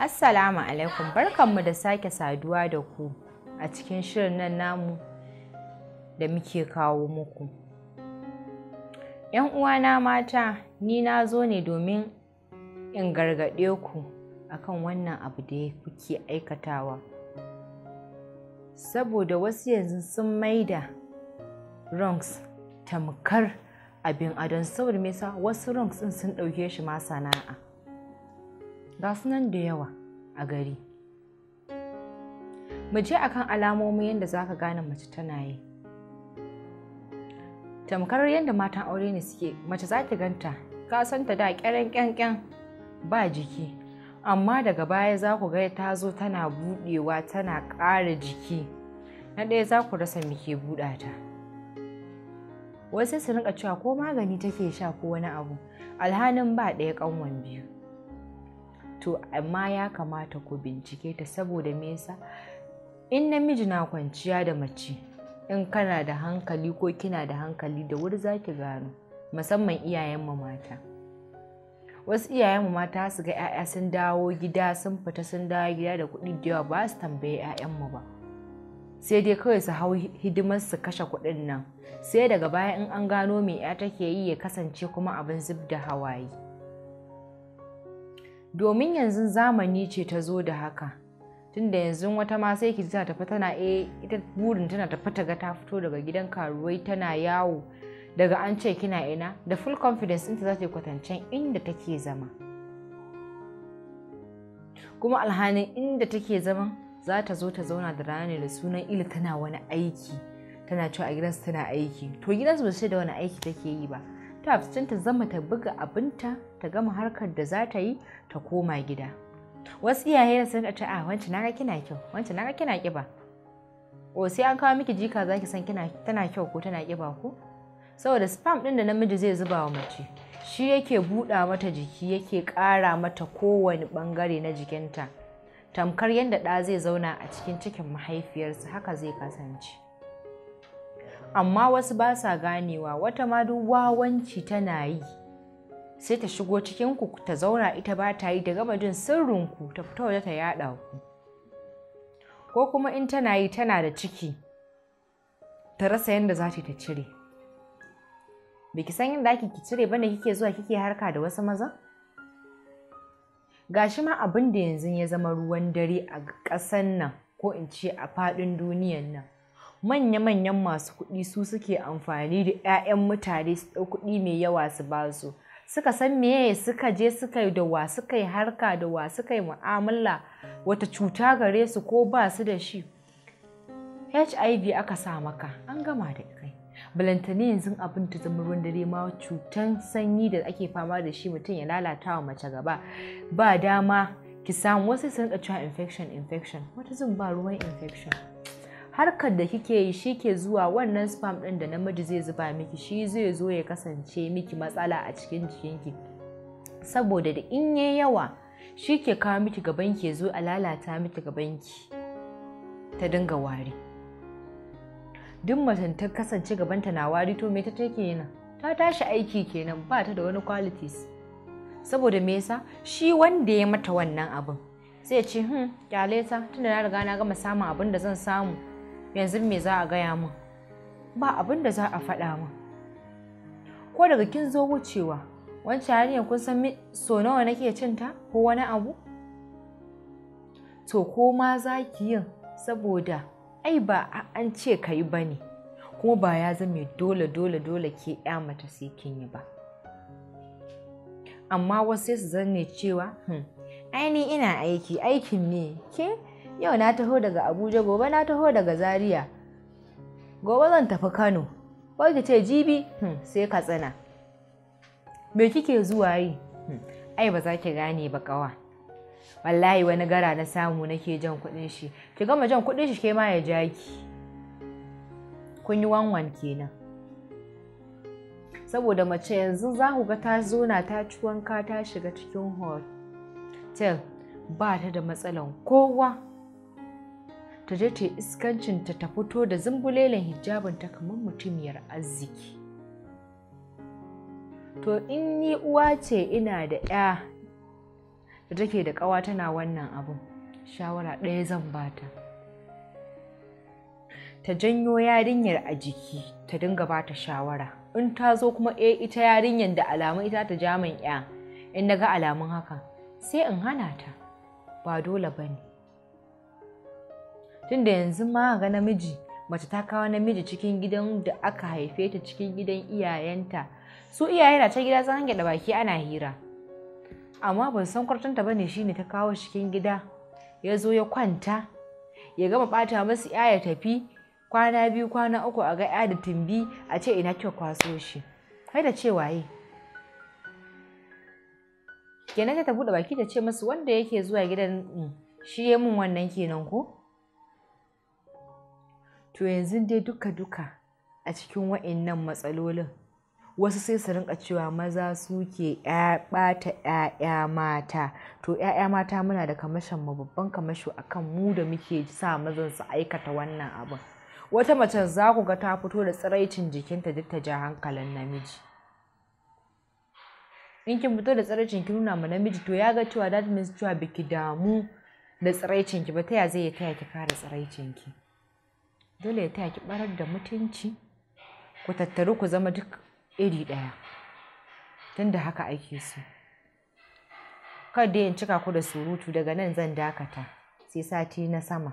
Assalamu alaikum barkanmu da sake saduwa da ku a cikin shirin nan namu da muke kawo muku. ‘Yan uwana mata, ni na zo ne domin in gargaɗe ku akan wannan abu da ya kuke aikatawa. Saboda wasu yanzu sun maida rungs tamkar abin adon saboda mesa wasu rungs sun ɗauke shi ma sana'a. ga su nan da yawa a gari mu je akan alamomi yadda za ka gane mace tana yi tamkar yadda matan aure ne suke mace za ta ganta ka san ta da kyaren kyankyan ba jiki amma daga baya za ku ga ta zo tana budewa tana ƙara jiki na ɗaya za ku rasa muke buɗata. buɗa ta wasu su rinka cewa ko magani take sha ko wani abu alhanin ba ɗaya ƙanwan biyu to amma ya kamata ku bincike ta saboda mesa in namiji na kwanciya da mace in kana da hankali ko kina da hankali da wuri za ki gano musamman iyayen mu mata wasu iyayen mu mata su ga 'ya'ya sun dawo gida sun fita sun dawo gida da kuɗi da yawa ba su 'ya'yan mu ba sai dai kawai su hau hidimar su kashe kuɗin nan sai daga baya in an gano me 'ya take yi ya kasance kuma abin zub da hawaye domin yanzu zamani ce ta zo da haka tunda yanzu wata ma sai ki tana tafi tana e ita burin tana tafi ta ga ta fito daga gidan karuwai tana yawo daga an ce kina ina da full confidence ɗinta za ta yi kwatancen inda take zama kuma alhanin inda take zama za ta zo ta zauna da rana ne da sunan ila tana wani aiki tana cewa a gidansu tana aiki to gidansu ba su da wani aiki take yi ba ta ta zama ta buga abinta ta gama harkar da za ta yi ta koma gida wasu iyaye da sun ta a wancan na kina kyau wancan kina kiba o sai an kawo miki jika zaki san kina tana kyau ko tana kiba ko saboda spam ɗin da namiji zai zuba wa mace shi yake buɗa mata jiki yake ƙara mata kowane ɓangare na jikinta tamkar yadda ɗa zai zauna a cikin cikin mahaifiyarsa haka zai kasance amma wasu ba sa ganewa wata ma duk wawanci tana yi sai ta shigo cikinku ta zauna ita ba ta yi ta gama jin sirrinku ta fito waje ta yaɗa ku ko kuma in tana yi tana da ciki ta rasa yadda za ta cire biki san yadda ake ki cire bane kike zuwa kike harka da wasu maza gashi ma abin da yanzu ya zama ruwan dare a ƙasan nan ko in ce a faɗin duniyan nan manya-manyan masu kuɗi su suke amfani da 'ya'yan mutane su ɗau kuɗi mai yawa su ba su suka san meye suka je suka da wa suka yi harka da wa suka yi mu'amala wata cuta gare su ko ba su da shi hiv aka sa maka an gama da kai balantane yanzu abin ta zama ruwan dare ma cutan sanyi da ake fama da shi mutum ya lalata wa mace gaba ba dama ki samu wasu sun cewa infection infection wata zan ba ruwan infection harkar da kike yi shi ke zuwa wannan spam ɗin da namiji zai zuba miki shi zai zo ya kasance miki matsala a cikin jikinki saboda da in yi yawa shi ke kawo miki gaban ya zo a lalata miki gaban ki. ta dinga wari duk macen ta kasance gabanta na wari to me ta take yana ta tashi aiki kenan ba ta da wani qualities saboda me yasa shi wanda ya mata wannan abin sai ce hmm kyale ta tunda na riga na gama samun abin da zan samu yanzu me za a gaya min ba abin da za a faɗa min ko daga kin zo wucewa wancan yanzu kun san so nawa nake cinta ko wani abu to ko ma za ki yin saboda ai ba an ce ka yi ba ne kuma ba ya zame dole dole dole ke ya mata sai kin yi ba amma wasu sai su zanne cewa hmm, aini ina aiki aikin ne ke yau na taho daga abuja gobe na taho daga zaria gobe zan tafi kano wai ce jibi hmm, sai ka tsana me kike zuwa yi hmm, ai ba za ki gane ba kawa wallahi wani gara na samu nake jan kuɗin shi ki gama jan kuɗin shi ke ma ya ja ki kun yi wanwan kenan saboda mace yanzu za ku ga ta zona ta ci wanka ta shiga cikin hotel ba ta da matsalan kowa ta je ta iskancinta ta fito da zumbulelen ta kamar mutumiyar arziki to in ni uwa ce ina da ya da take da kawa tana wannan abun shawara ɗaya zan bata ta janyo yarinyar a jiki ta dinga bata shawara in ta zo kuma e ita yarinyar da alamun ita ta jaman ya in na ga alamun haka sai in hana ta ba dole ba ne tunda yanzu ma ga namiji mace ta kawo namiji cikin gidan da aka haife ta cikin gidan iyayenta su iyaye na ta gida zan hange baki ana hira amma ban san kwartanta bane shine ta kawo cikin gida ya zo ya kwanta ya gama bata masu ya tafi kwana biyu kwana uku a ga ya da tumbi a ce ina kyau kwaso shi kai da ce waye kenan ta buɗe baki ta ce masu wanda yake zuwa gidan mm, shi ya mun wannan kenan ko to yanzu dai duka-duka a cikin wa'innan matsalolin wasu sai su rinka cewa maza suke ɓata 'ya'ya mata to 'ya'ya mata muna da kamashin mu babban kamasho kan mu da muke sa mazan su aikata wannan abin wata macen za ku ga ta fito da tsiraicin jikinta duk ta ja hankalin namiji in kin fito da tsiraicin ki nuna ma namiji to ya ga cewa that means cewa biki damu da tsiraicin ki ba ta ya zai ya taya ki kare tsiraicin ki dole ya taya ki barar da mutunci ku tattaru ku zama duk iri ɗaya tun da haka ake so kada in cika ku da surutu daga nan zan dakata sai sati na sama